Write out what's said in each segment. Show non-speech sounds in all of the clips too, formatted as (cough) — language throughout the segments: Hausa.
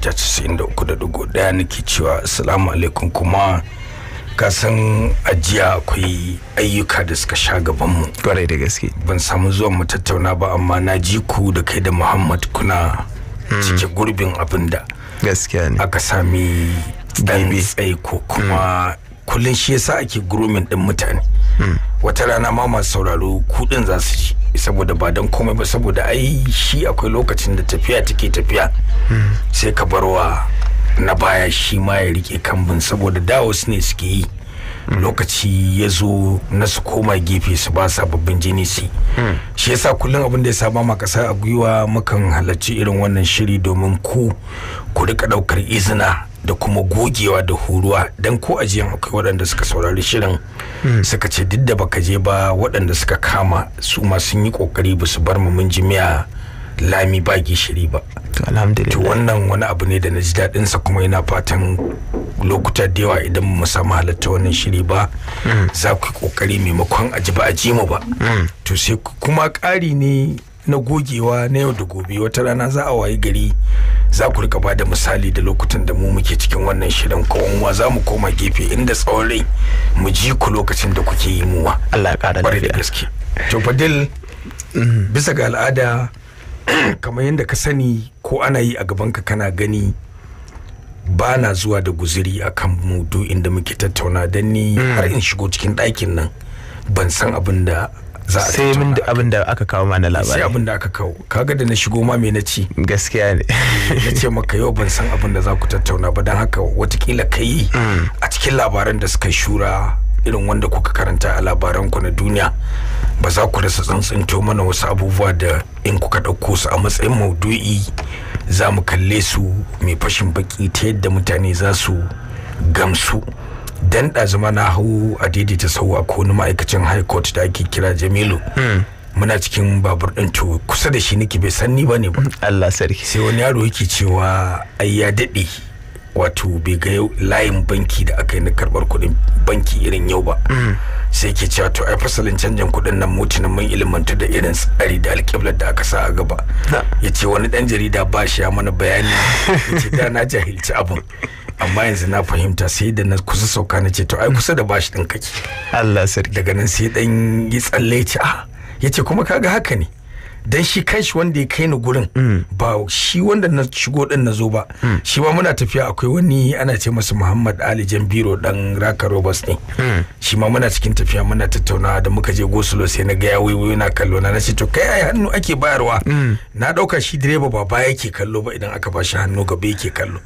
mita 93.1 nake cewa assalamu alaikum kuma ka san ajiya akwai ayyuka da suka sha gaban mu. kwarai da gaske ban samu zuwan mu tattauna ba amma na ji ku da kai da muhammad kuna hmm. cike gurbin abin da gaskiya ne aka sami dan tsaye ko hmm. kuma kullum shi yasa ake grooming din mutane hmm. wata rana ma masu sauraro kudin za su ji saboda ba don komai ba saboda ai shi akwai lokacin da tafiya take tafiya sai ka barwa na baya shi ma ya rike kambin saboda da wasu ne suke yi lokaci ya zo na su koma gefe su ba sababbin jini su shi ya sa kullum abin da ya saba ma kasa a gwiwa mukan halarci irin wannan shiri domin ku ku rika daukar izina da kuma gogewa da huruwa don ko ajiyan akwai waɗanda suka saurari shirin hmm. suka ce duk da baka je ba waɗanda suka kama su ma sun yi kokari ba su bar mu mun miya lami ba gishiri ba to wannan wani abu ne da na ji daɗin sa kuma yana fatan lokuta da yawa idan mu samu halatta wannan shiri ba hmm. za ku yi kokari maimakon a ji ba a ji mu ba hmm. to sai kuma ƙari ne na gogewa na yau da gobe wata rana za a wayi gari za ku rika bada misali da lokutan da mu muke cikin wannan shirin kowanwa za mu koma gefe inda tsawon rai mu ji ku lokacin da kuke yi muwa Allah ƙara da gaske to fadil bisa ga al'ada (clears throat) kamar yadda ka sani ko ana yi a gabanka kana gani ba na zuwa da guziri a kan mudu inda muke tattauna don ni mm. har in shigo cikin ɗakin nan ban san abin da sai min da abin da aka kawo mana labari sai abin da aka kawo kaga da na shigo ma me na ci gaskiya ne (laughs) na ce maka yau ban san abin da za ku tattauna ba don haka watakila kai mm. a cikin labaran da suka shura irin wanda kuka karanta a labaran ku na duniya ba za ku rasa tsantsinto mana wasu abubuwa da in kuka ɗauko su a matsayin maudu'i za mu kalle su mai fashin baki ta yadda mutane za su gamsu dan ɗazuma na hau a ta sauwa ko wani ma'aikacin high court da ake kira jamilu hmm. muna cikin babur ɗin to kusa da shi nake bai san ni bane ba (laughs) Allah sarki sai wani yaro yake cewa ai ya daɗe wato bai ga layin banki da aka yi na karbar kuɗin banki irin yau ba hmm. sai yake cewa to ai fasalin canjin kuɗin nan mutunan mun ilimantu da irin tsari da alƙiblar da aka sa a gaba ya ce wani ɗan jarida ba shi ya mana bayani (laughs) ya ce da na jahilci abin amma yanzu na fahimta sai da na kusa sauka na ce to ai kusa da bashi din kake Allah sarki daga nan sai dan yi tsalle ce ah yace kuma kaga haka ne dan shi kanshi wanda ya kai ni gurin mm. ba shi wanda na shigo din na zo ba mm. shi ba muna tafiya akwai wani ana ce masa Muhammad Ali Jambiro dan Raka Robas ne mm. shi ma muna cikin tafiya muna tattaunawa da muka je Gosulo sai na ga ya wuyu yana kallo na nace to kai ai hannu ake bayarwa na dauka shi direba ba baya yake kallo ba idan aka ba shi hannu gaba yake kallo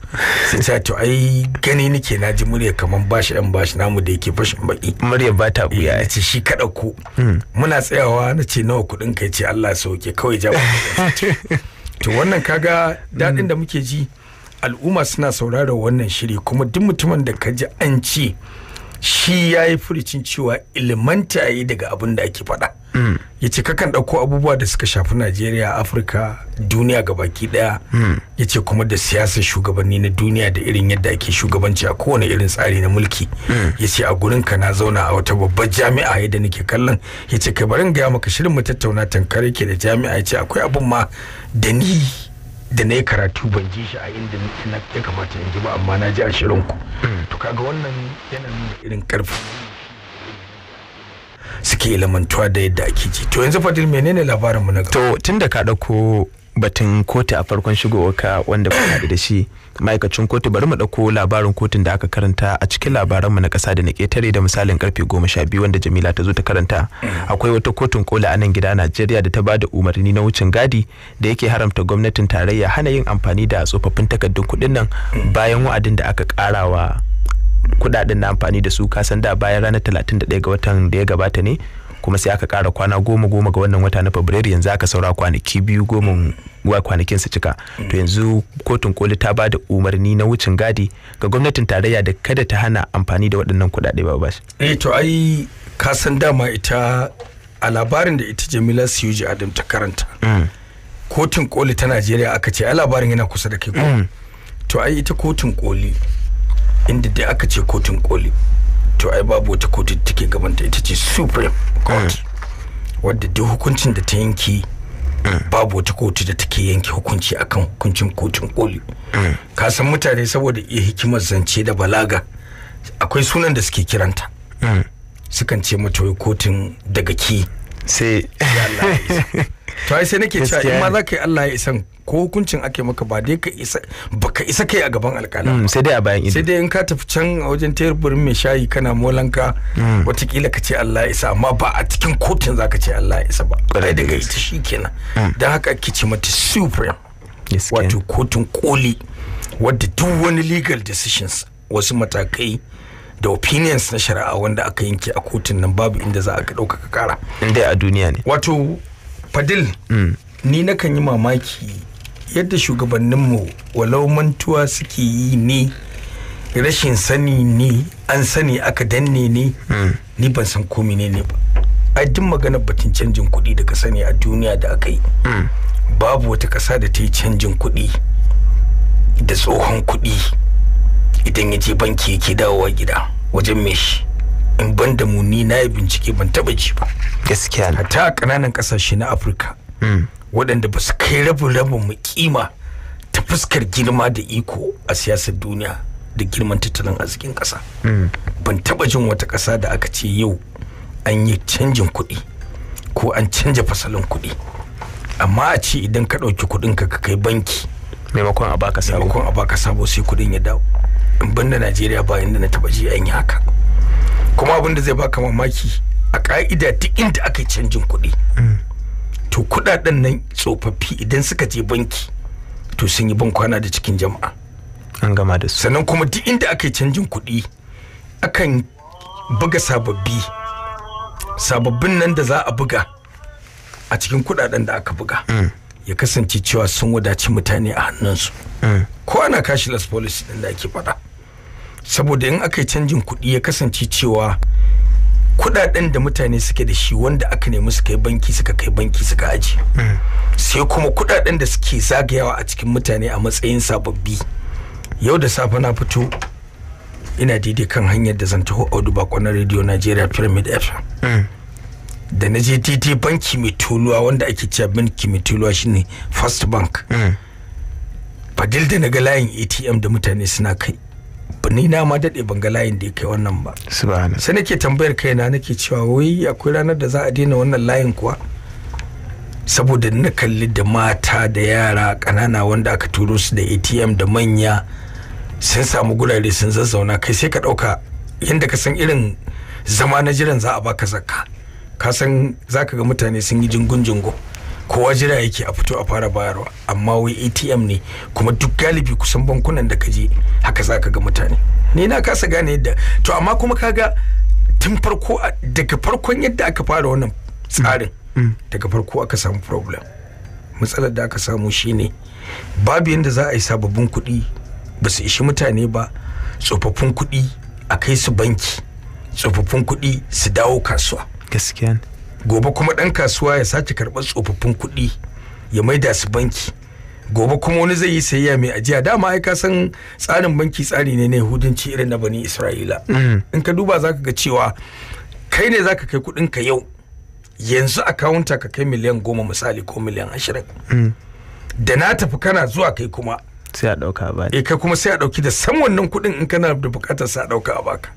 sai ta to ai gani nake na ji murya kaman bashi dan bashi namu da yake fashin baki murya ba ta buya ce shi kada ku muna tsayawa nace nawa kudin kai ce Allah sauki ke kawai jawo (laughs) to wannan kaga daɗin da mm. muke ji al'umma suna sauraron wannan shiri kuma duk mutumin da ka ji an ce shi ya yi furicin cewa ilimanta yi daga abin da ake faɗa ya ce kakan ɗauko abubuwa da suka shafi najeriya afirka duniya ga baki ɗaya hmm. ya ce kuma da siyasar shugabanni na duniya da irin yadda ake shugabanci a kowane irin tsari na mulki hmm. ya ce a gurin ka na zauna a wata babbar jami'a yadda nake kallon ya ce kai barin gaya maka shirin mu tattauna tankare ke da jami'a ya ce akwai abin ma da ni da na yi karatu ban ji shi a inda ya kamata in ji ba amma na ji a shirin ku hmm. to kaga wannan yana nuna irin karfin suke ilimantuwa da yadda ake ji to yanzu fadil menene labarin mu na gaba to tunda ka dauko batun kotu a farkon shigowarka wanda ba ka da shi ma'aikacin kotu bari mu ɗauko labarin kotun da aka karanta a cikin labaran mu na ƙasa da na ƙetare da misalin karfe goma sha biyu wanda jamila ta zo ta karanta akwai wata kotun kola a nan gida najeriya da ta ba da umarni na wucin gadi da yake haramta gwamnatin tarayya hana yin amfani da tsofaffin takardun kuɗin nan bayan wa'adin da aka karawa kudaden na amfani da su kasan da bayan ranar 31 ga watan da ya gabata ne kuma sai aka kara kwana goma goma ga wannan wata na fabrairu yanzu aka saura kwanaki biyu goma wa kwanakin su cika to yanzu kotun koli ta ba da umarni na wucin gadi ga gwamnatin tarayya da kada ta hana amfani da waɗannan kuɗaɗe ba ba eh to ai ka san dama ita a labarin da ita jamila siyuji adam ta karanta mm. kotun koli ta najeriya aka ce a labarin yana kusa da kai mm. to ai ita kotun koli inda dai aka ce kotun koli to ai babu wata kotun take gabanta ita ce supreme court eh. wadda duk hukuncin da ta yanki eh. babu wata kotu da take yanke hukunci akan hukuncin kotun koli eh. ka san mutane saboda iya hikimar zance da balaga akwai sunan da suke kiranta sukan ce mata wai kotun daga ki sai (laughs) to sai nake cewa in ma za ka yi Allah ya isan ko hukuncin ake maka ba dai ka isa baka isa kai a gaban alƙala mm, sai dai a bayan ido sai dai in ka tafi can a wajen teburin mai shayi kana molanka mm. watakila ka ce Allah ya isa amma ba a cikin kotun za ka ce Allah ya isa ba kai ta shi kenan. dan haka kici mata supreme wato kotun koli wadda duk wani legal decisions wasu matakai da opinions na shari'a wanda aka yanke a kotun nan babu inda za a ɗaukaka kara inda a duniya ne wato fadil mm. ni nakan yi mamaki yadda shugabanninmu walau mantuwa suke yi ne rashin sani ne an sani aka danne ne mm. ni ban san komi ne ne ba a duk magana batun canjin kuɗi da ka sani a duniya da aka yi mm. babu wata ƙasa da ta yi canjin kuɗi da tsohon kuɗi idan ya je banki yake dawowa gida wajen mai shi in ban da mu ni na yi bincike ban taba ji ba gaskiya hatta a kananan kasashe na afirka hmm. waɗanda ba su kai rabin rabin mu kima ta fuskar girma da iko a siyasar duniya da girman tattalin arzikin ƙasa hmm. ban taba jin wata ƙasa da aka ce yau an yi canjin kuɗi ko an canja fasalin kuɗi amma a ce idan ka ɗauki kuɗin ka ka kai banki maimakon a baka sabo maimakon a baka sabo sai kuɗin ya dawo in banda najeriya ba inda na taba ji an yi haka kuma abin da zai baka mamaki a ka'ida duk inda aka yi canjin kuɗi to kuɗaɗen nan tsofaffi idan suka je banki to sun yi bankwana da cikin jama'a an gama da su sannan kuma duk inda aka yi canjin kuɗi akan buga sababbi sababbin nan da za a buga a cikin kuɗaɗen da aka buga mm. ya kasance cewa sun wadaci mutane a hannunsu mm. ko ana kashi las policy ɗin da ake faɗa saboda in aka yi canjin kuɗi ya kasance cewa kuɗaɗen da mutane suke da shi wanda aka nemi suka yi banki suka kai banki suka aji mm. sai kuma kuɗaɗen da suke zagayawa a cikin mutane a matsayin sababbi yau da safe na fito ina daidai kan hanyar da zan taho audu bakon na radio nigeria pyramid fm mm. da na je daidai banki mai tuluwa wanda ake cewa banki mai tuluwa shine first bank mm. fadil da na ga layin atm da mutane suna kai ni na ma daɗe ban ga layin da ya kai wannan ba sai nake tambayar kaina nake cewa wai akwai ranar da za a daina wannan layin kuwa saboda na kalli da mata da yara ƙanana wanda aka turo su da atm da manya sun samu gurare sun zazzauna kai sai ka ɗauka yadda ka san irin zama na jiran za a baka zakka ka san za ka ga mutane sun yi jingun-jingun kowa jira yake a fito a fara bayarwa amma wai atm ne kuma duk galibi kusan bankunan da kaje haka za ka ga mutane ni na kasa gane yadda to amma kuma kaga tun farko daga farkon yadda aka fara wannan tsarin mm. Mm. daga farko aka samu problem matsalar da aka samu shine babu yadda za a yi sababbin kuɗi ba su ishi mutane ba tsofaffin kuɗi a kai su banki tsofaffin kuɗi su dawo kasuwa gaskiya gobe kuma ɗan kasuwa ya sace karɓar tsofaffin kuɗi ya mai da su banki gobe kuma wani zai yi sayayya mai ajiya dama ai ka san tsarin banki tsari ne na yahudanci irin na bani isra'ila mm. in ka duba zaka ga cewa kai ne zaka kai kuɗin ka yau yanzu akawunta ka kai miliyan goma misali ko miliyan ashirin mm. da na tafi kana zuwa kai kuma sai a ɗauka ba eh, kai kuma sai a ɗauki da san wannan kuɗin in kana da buƙatar sa a ɗauka a baka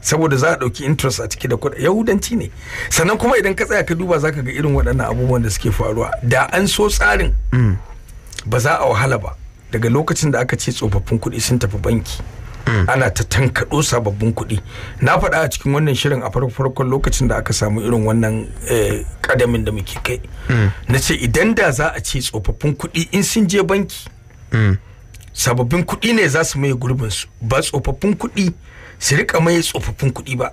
saboda za a ɗauki interest a ciki da kuɗi yahudanci ne sannan kuma idan ka tsaya ka duba za ka ga irin waɗannan abubuwan da suke faruwa da an so tsarin mm. ba za a wahala ba daga lokacin da aka ce tsofaffin kuɗi sun tafi banki mm. ana ta tankaɗo sababbin kuɗi na faɗa a cikin wannan shirin a farkon lokacin da aka samu irin wannan eh, ƙadamin da muke kai mm. na ce idan da za a ce tsofaffin kuɗi in sun je banki sababbin kuɗi ne za su maye gurbinsu ba tsofaffin kuɗi su rika mai tsofaffin kuɗi ba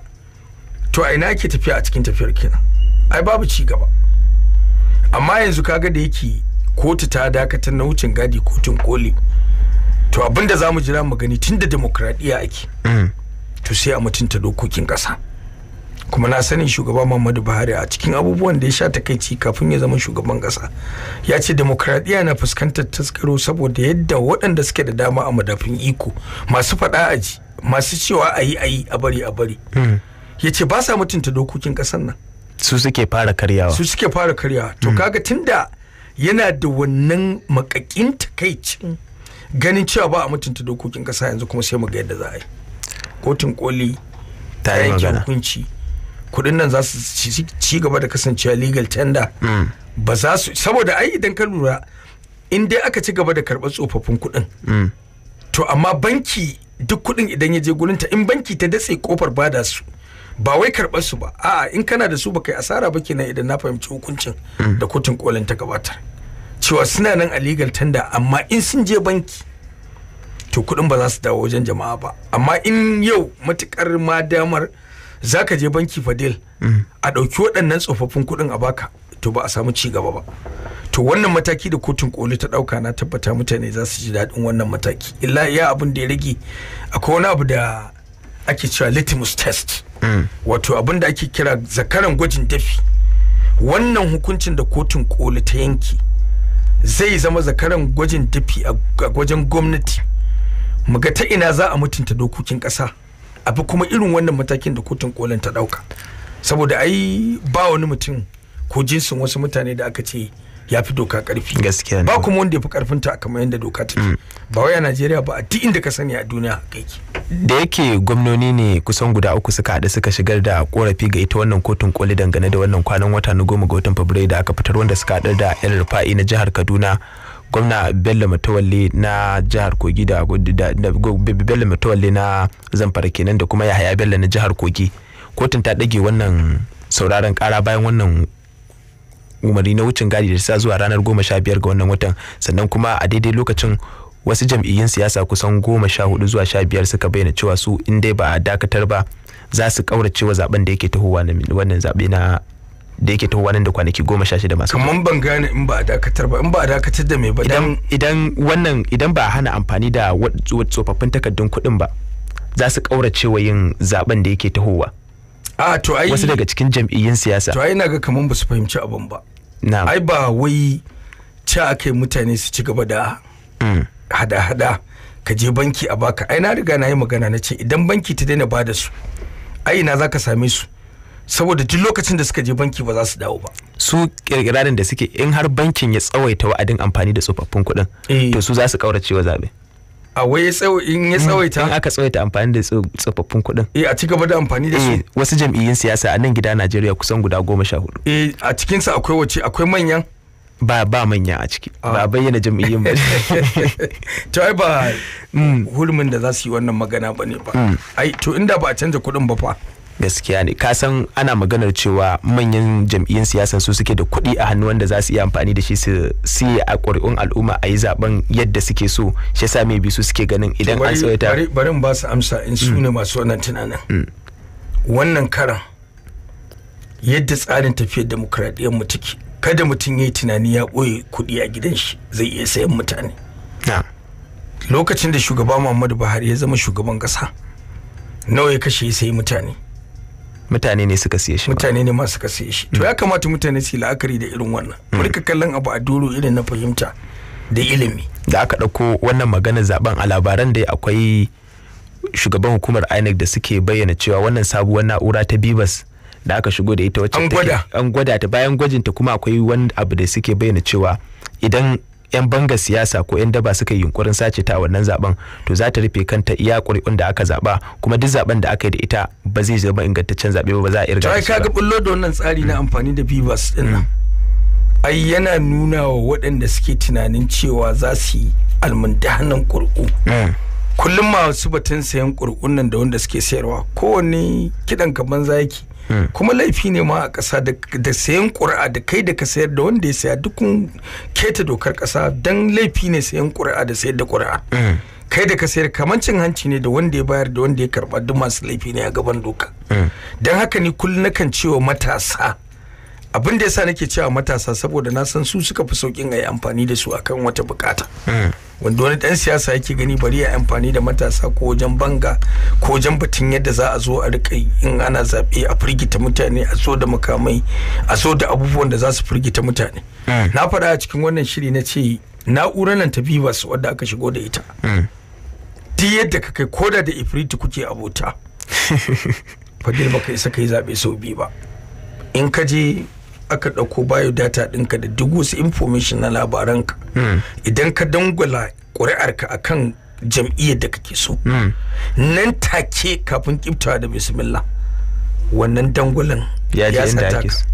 to a ina ake tafiya a cikin tafiyar kenan ai babu ci gaba amma yanzu kaga da yake kotu ta dakatar na wucin gadi kotun koli to abinda za mu jira mu gani tun da ake mm. to sai a mutunta dokokin ƙasa kuma na sanin shugaba Muhammadu Buhari a cikin abubuwan da ya sha takaici kafin ya zama shugaban ƙasa ya ce demokradiya na fuskantar taskaro saboda yadda waɗanda suke da dama a madafin iko masu faɗa aji masu cewa a yi a yi a bari a bari hmm. ya ce ba sa mutunta dokokin ƙasar nan su suke fara karyawa su suke fara karyawa to hmm. kaga tunda yana da wannan makakin takaicin ganin cewa ba a mutunta dokokin ƙasa yanzu kuma sai mu ga yadda za a yi kotun koli ta yi magana. hukunci kudin nan za su ci gaba da kasancewa legal tender hmm. ba za su saboda ai idan ka lura in dai aka ci gaba da karɓar tsofaffin kuɗin to amma banki duk kuɗin idan ya je gurinta in banki ta datse kofar bada su ba wai karɓar su ba a'a in kana da su ba kai asara ba kenan idan na fahimci hukuncin hmm. da kotun kolin ta gabatar cewa suna nan a legal tanda amma in sun je banki to kuɗin ba za su dawo wajen jama'a ba amma in yau matukar ma damar za ka je banki fadil hmm. a ɗauki waɗannan tsofaffin kuɗin a baka to ba a samu ci gaba ba to wannan mataki da kotun koli ta dauka na tabbata mutane za su ji daɗin wannan mataki illa ya abin da ya rage akwai wani abu da ake cewa litmus test mm. wato abin da ake kira zakaran gwajin dafi wannan hukuncin da kotun koli ta yanki zai zama zakaran gwajin dafi a gwajin gwamnati mu ga ta ina za a mutunta dokokin ƙasa abu kuma irin wannan matakin da kotun kolin ta ɗauka saboda ai ba wani mutum ko jinsin wasu mutane da aka ce ya fi doka karfi gaskiya ba kuma wanda ya fi karfin ta kamar yadda doka take hmm. ba wai a Najeriya ba a duk inda ka sani a duniya kai da yake gwamnoni ne kusan guda uku suka haɗu suka shigar da korafi ga ita wannan kotun koli dangane da wannan kwanan wata na goma ga watan Fabrairu da aka fitar wanda suka haɗu da yan rufa'i na jihar Kaduna gwamna bello matawalle na jihar kogi da bello matawalle na zamfara kenan da kuma yahaya bello na jihar kogi kotun ta ɗage wannan sauraron kara bayan wannan umarni na wucin gadi da sa zuwa ranar goma sha biyar ga wannan watan sannan kuma a daidai lokacin wasu jam'iyyun siyasa kusan goma sha hudu zuwa sha biyar suka bayyana cewa su in dai ba a dakatar ba za su kaurace wa zaben da yake tahowa wannan zabe na da yake tahowa nan da kwanaki goma sha shida masu kamar ban gane in ba a dakatar ba in ba a dakatar da me ba idan idan wannan idan ba hana amfani da tsofaffin takardun kuɗin ba za su kaurace wa yin zaben da yake tahowa a to ai wasu daga cikin jam'iyyun siyasa to ai na ga kamar ba su fahimci abin ba ai ba wai ci akai mutane su ci gaba da mm. hada-hada ka je banki a baka ai na riga na yi magana na ce idan banki ta daina ba da su ai ina za ka same su saboda duk lokacin da suka je banki ba za su dawo ba su kirkirarin da suke in har bankin ya tsawaita wa'adin amfani da tsofaffin kuɗin eh. to su za su kaurace wa zabe a wai in ya hmm, tsawaita in aka tsawaita amfani da tsofaffin kuɗin eh a ci gaba da amfani da su eh, wasu jam'iyyun siyasa a nan gida Najeriya kusan guda goma sha hudu eh a cikin sa akwai wace akwai manyan ba ba manya a ciki ah. ba bayyana jam'iyyun ba (laughs) to ai ba hmm. hulmin da za su yi wannan magana bane ba hmm. ai to inda ba a canza kuɗin ba fa gaskiya ne ka san ana maganar cewa manyan jam'iyyun siyasan su suke da kuɗi a hannu wanda za su iya amfani da shi su siye a ƙuri'un al'umma a yi zaben yadda suke so shi yasa mai bi su suke ganin idan an tsawaita bari bari ba su amsa in su hmm. ne masu wannan tunanin hmm. wannan karan yadda tsarin tafiyar demokradiyyar mu take kada mutum ya yi tunani ya ɓoye kuɗi a gidan shi zai iya sayan mutane lokacin da shugaba muhammadu buhari ya zama shugaban ƙasa nawa ya kashe ya sayi mutane mutane ne suka siye shi mutane ne ma suka siye shi to ya mm. kamata mutane su yi la'akari da irin wannan mu ka mm. kallon abu a doro irin na fahimta da ilimi da aka dauko wannan magana zaben a labaran da akwai shugaban hukumar INEC da suke bayyana cewa wannan sabuwar na'ura ta Bibas da aka shigo da ita wacce an gwada ta bayan gwajin ta kuma akwai wani abu da suke bayyana cewa idan 'yan banga siyasa ko 'yan daba suka yi yunkurin sace ta a wannan zaben to za ta rufe kanta iya ƙuri'un da aka zaba kuma duk zaben da aka yi da ita ba zai zama ingantaccen zaɓe ba za a irga shi ba. ga bullo da wannan tsari na amfani da bivas din nan. Ai yana nuna wa waɗanda suke tunanin cewa za su yi almundahanan ƙuri'u. Mm. Kullum masu batun sayan ƙuri'un nan da wanda suke sayarwa kowanne kiɗan kaman zaki. Hmm. kuma laifi ne ma a kasa da sayan ƙuri'a da kai da ka sayar da wanda ya saya dukkan keta dokar ƙasa don laifi ne sayan ƙuri'a da sayar da ƙuri'a hmm. kai da ka sayar kamar cin hanci ne da wanda ya bayar da wanda ya karɓa duk masu laifi ne a gaban doka hmm. don haka ne kullum nakan cewa matasa abin da yasa nake cewa matasa saboda na san su suka fi saukin a yi amfani da su akan wata bukata hmm. wanda wani dan siyasa yake gani bari ya amfani da matasa ko wajen banga ko wajen batun yadda za a zo a rika in ana zaɓe a firgita mutane a zo da makamai a so da abubuwan da za su firgita mutane hmm. na faɗa a cikin wannan shiri na ce na'urar nan ta bivas wadda aka shigo da ita hmm. duk yadda ka kai koda da ifriti kuke abota (laughs) fagil baka isa kai zaɓe sau biyu ba in ka je aka ɗauko data ɗinka da duk wasu information na labaranka hmm. idan ka dangwala ƙuri'arka akan jam'iyyar da kake so hmm. nan take kafin kiftawa da bismillah wannan dangwalan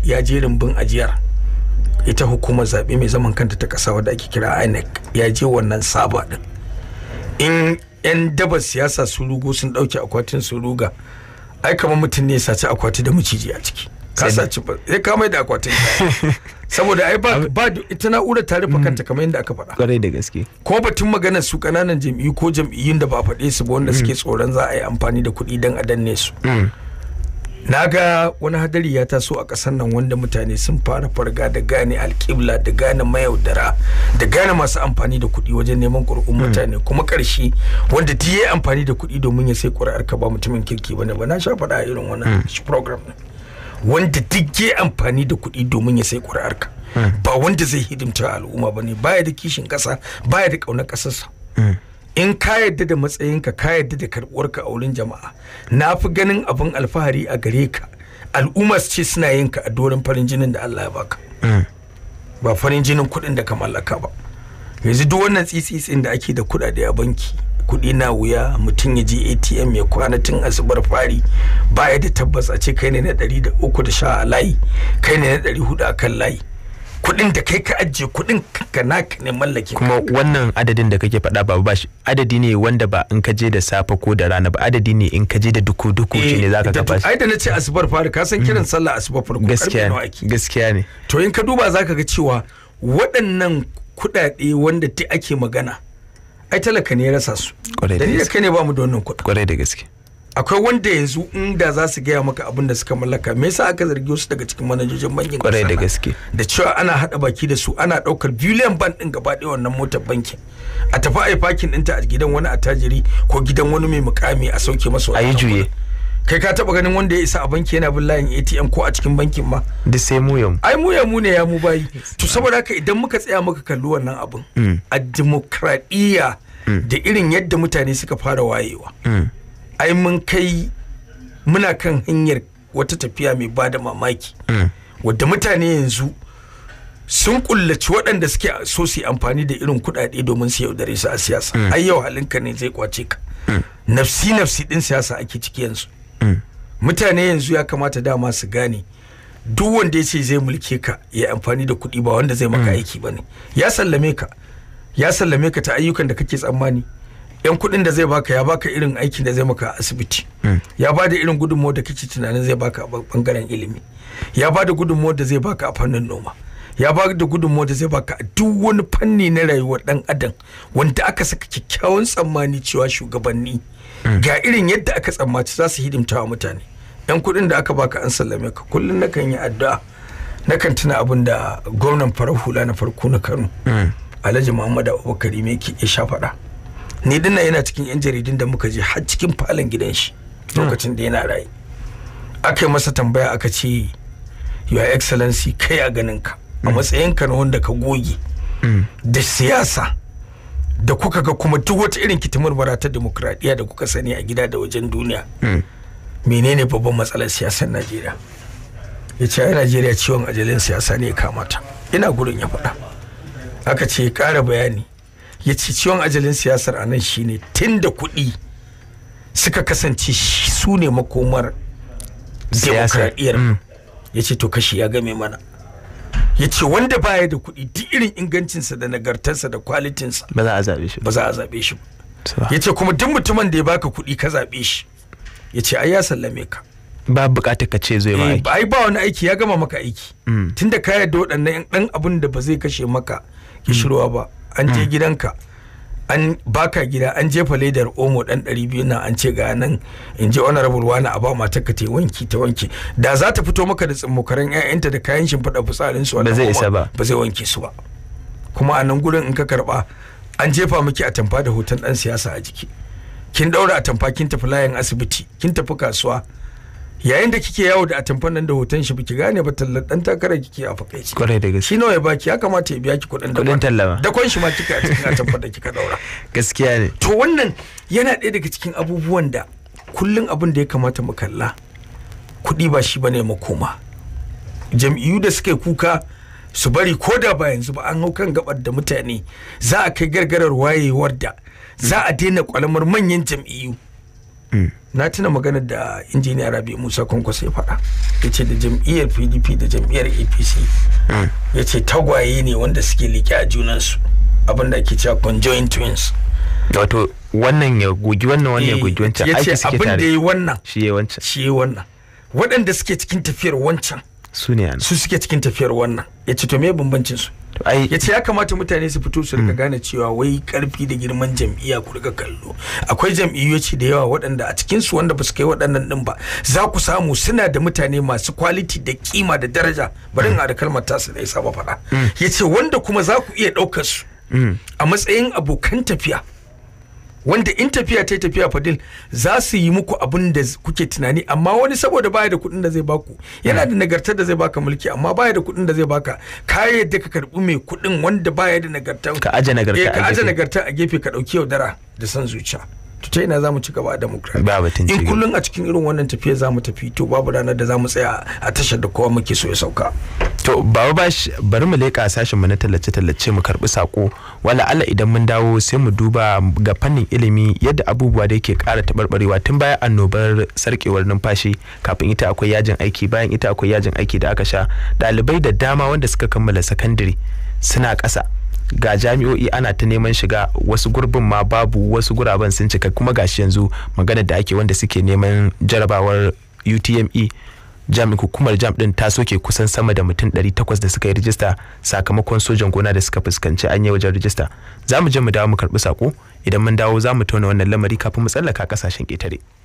ya je rumbun ajiyar ita hukumar zaɓe mai zaman kanta ta ƙasa wadda ake kira inec ya je wannan saba ɗin in 'yan daba siyasa su rugo sun ɗauke akwatin su ruga ai kamar mutum ne ya saci akwati da maciji a ciki kasa ci ba ya kama da akwatin (laughs) saboda ai ba ba ita na'urar ta rufe kanta kamar yadda aka faɗa kwarai da gaske ko batun magana su kananan jam'iyyu ko jam'iyyun da ba faɗe su ba wanda mm. suke tsoron za a yi amfani da kuɗi dan a danne su mm. na ga wani hadari ya taso a ƙasar nan wanda mutane sun fara farga da gane alƙibla da gane mayaudara da gane masu amfani da kuɗi wajen neman ƙuri'un mm. mutane kuma ƙarshe wanda duk ya amfani da kuɗi domin ya sai ƙuri'ar ka ba mutumin kirki bane ba na sha faɗa irin wannan program ne wanda duk amfani da kuɗi domin ya sai ka. Hmm. ba wanda zai hidimta al'umma ba ne baya da kishin ƙasa baya da ƙaunar ƙasarsa hmm. in ka yadda da matsayinka ka yadda da karɓuwarka a wurin jama'a na fi ganin abin alfahari a gare ka al'umma su ce suna yin ka a doron farin jinin da Allah ya baka hmm. ba farin jinin kuɗin da ka mallaka ba yanzu duk wannan tsitsitsin da ake da kuɗaɗe a banki kuɗi na wuya mutum ya je atm ya kwana tun asubar fari baya da tabbas a ce kai ne na ɗari da uku da sha a layi kai ne na ɗari hudu a kan layi kuɗin da kai ka ajiye kuɗin ka naka ne mallake kuma wannan adadin da kake faɗa ba ba adadi ne wanda ba in ka je da safe ko da rana ba adadi ne in ka je da duku eh, duku shi ne zaka ka bashi ai da ce asubar fari ka san kiran mm. sallah asubar farko gaskiya ne gaskiya ne to in ka duba zaka ga cewa waɗannan kuɗaɗe wanda ta ake magana ai talaka ne ya rasa su da ni da kai ne ba mu da wannan kuɗi kwarai da gaske akwai wanda yanzu inda za su gaya maka abin da suka mallaka me yasa aka zargi wasu daga cikin manajojin bankin kwarai da gaske da cewa ana hada baki da su ana daukar billion ban din gaba ɗaya wannan motar bankin a tafi a yi fakin ɗinta a gidan wani attajiri ko gidan wani mai mukami a sauke masa a yi juye kai ka taba ganin wanda ya isa a banki yana bin layin ATM ko a cikin bankin ma da sai mu yamu ai mu yamu ne ya mu bayi to saboda haka idan muka tsaya muka kalli wannan abin mm. a demokradiya mm. da irin yadda mutane suka fara wayewa mm. ai mun kai muna kan hanyar wata tafiya mai bada mamaki wadda mutane yanzu sun kullaci waɗanda suke so su amfani da irin kuɗaɗe domin su yaudare su a siyasa ai yau halinka ne zai kwace ka nafsi nafsi ɗin siyasa ake ciki yanzu mutane yanzu ya kamata dama su gane duk wanda ya ce zai mulke ka ya amfani da kuɗi ba wanda zai maka mm. aiki ba ne ya sallame ka ya sallame ka ta ayyukan da kake tsammani yan kuɗin da zai baka ya baka irin aikin da zai maka a asibiti mm. ya ba da irin gudunmawar da kake tunanin zai baka a bangaren ilimi ya ba da gudunmawar da zai baka a fannin noma ya ba da gudunmawar da zai baka a duk wani fanni na rayuwar dan adam wanda aka saka kyakkyawan tsammani cewa shugabanni ga irin yadda aka tsammaci za su hidimta wa mutane yan kudin da aka baka an sallame ka kullum nakan yi addu'a nakan tuna abin da gwamnan farar hula na farko na kano hmm. alhaji muhammad abubakar me ke ya sha faɗa ni dinna yana cikin yan jaridun da muka je har cikin falon gidan shi hmm. lokacin da yana raye aka yi masa tambaya aka ce your excellency kai a ganin hmm. ka a matsayinka na wanda ka goge da siyasa da kuka ga kuma duk wata irin kitimar ta demokradiyya da kuka sani a gida da wajen duniya hmm. menene babban matsalar siyasar najeriya ya ce ai najeriya ciwon ajalin siyasa ne kamata ina gurin ya faɗa aka ce ƙara bayani ya ce ciwon ajalin siyasar a nan shine tun da kuɗi suka kasance su ne makomar demokradiyyar hmm. ya ce to kashi ya game mana ya ce wanda baya da kuɗi duk irin ingancinsa da nagartarsa da kwalitinsa ba za a zaɓe shi ba za a zaɓe shi ya ce kuma duk mutumin da ya baka kuɗi ka zaɓe shi ya ce ai ya sallame ka ba bukatar ka ce zai ba eh, aiki ai ba wani aiki ya gama maka aiki mm. tunda ka yarda waɗannan ɗan abun da ba zai kashe maka kishirwa ba an je mm. gidanka an baka gida an jefa ledar omo dan 200 nan an ce ga nan in ji honorable wani a ba mata ka te wanki ta wanki da za ta fito maka da tsummokaran ƴaƴanta da kayan shimfiɗa fitsarin su ba zai isa ba ba zai wanke su ba kuma a nan gurin in ka karba an jefa miki a tamfa da hoton dan siyasa a jiki kin daura a tamfa kin tafi layin asibiti kin tafi kasuwa yayin da kike yawo da atamfan nan da hoton shi biki gane ba tallar dan takarar kike a shi kwarai da gaske shi nawa ya baki ya kamata ya biya ki kuɗin da kuɗin tallama da kwan shi ma kika a cikin atamfan da kika daura (laughs) gaskiya ne to wannan yana ɗaya daga cikin abubuwan da kullun abin da ya kamata mu kalla kuɗi ba shi bane makoma jam'iyyu da suke kuka su bari ko da ba yanzu ba an hau kan gabar da mutane za a kai gargarar wayewar da za a daina kwalamar manyan jam'iyyu na tuna maganar da injiniya rabi musa kwankwas ya faɗa ya ce da jam'iyyar pdp da jam'iyyar apc ya ce tagwaye ne wanda suke liƙe a junansu abinda ake cewa conjoined twins wato wannan ya gogi wannan wannan ya eh, gogi wancan aiki suke tare abin da ya wannan shi ya wancan shi ya wannan waɗanda suke cikin tafiyar wancan su ne su suke cikin tafiyar wannan ya ce to me bambancin su yace yace ya kamata mutane su fito su rika mm. gane cewa wai karfi da girman jam'iyya ku rika kallo akwai jam'iyyoci da yawa waɗanda a cikin su wanda ba su kai waɗannan din ba za ku samu suna da mutane masu quality da kima da daraja bari in da mm. kalmar tasu da isa ba faɗa mm. yace wanda kuma za ku iya ɗaukar su a matsayin abokan tafiya wanda in tafiya ta tafiya fadil za su yi muku abin da kuke tunani amma wani saboda baya da kuɗin da zai baku yana da nagartar da zai baka mulki amma baya da kuɗin da zai baka ka yadda ka karɓi mai kuɗin wanda baya da nagartar ka aje eh, nagarta a gefe ka ɗauki yaudara da son zuciya to ta ina zamu ci gaba a in kullun a cikin irin wannan tafiya zamu tafi to babu ranar da zamu tsaya a tashar da kowa muke so ya sauka to baba bari mu leka sashin mu na tallace tallace mu karbi sako wala Allah idan mun dawo sai mu duba ga fannin ilimi yadda abubuwa da yake ƙara tabarbarewa tun bayan annobar sarkewar numfashi kafin ita akwai yajin aiki bayan ita akwai yajin aiki da aka sha ɗalibai da dama wanda suka kammala sakandare suna ƙasa ga jami'o'i ana ta neman shiga wasu gurbin ma babu wasu guraben sun cika kuma gashi yanzu magana da ake wanda suke neman jarabawar utme jami'in hukumar jam din ta soke kusan sama da mutum 800 da suka yi rijista sakamakon sojan gona da suka fuskanci an yi wajen rijista za mu je mu dawo mu karɓi sako idan mun dawo za mu tona wannan lamari kafin mu tsallaka kasashen ƙetare.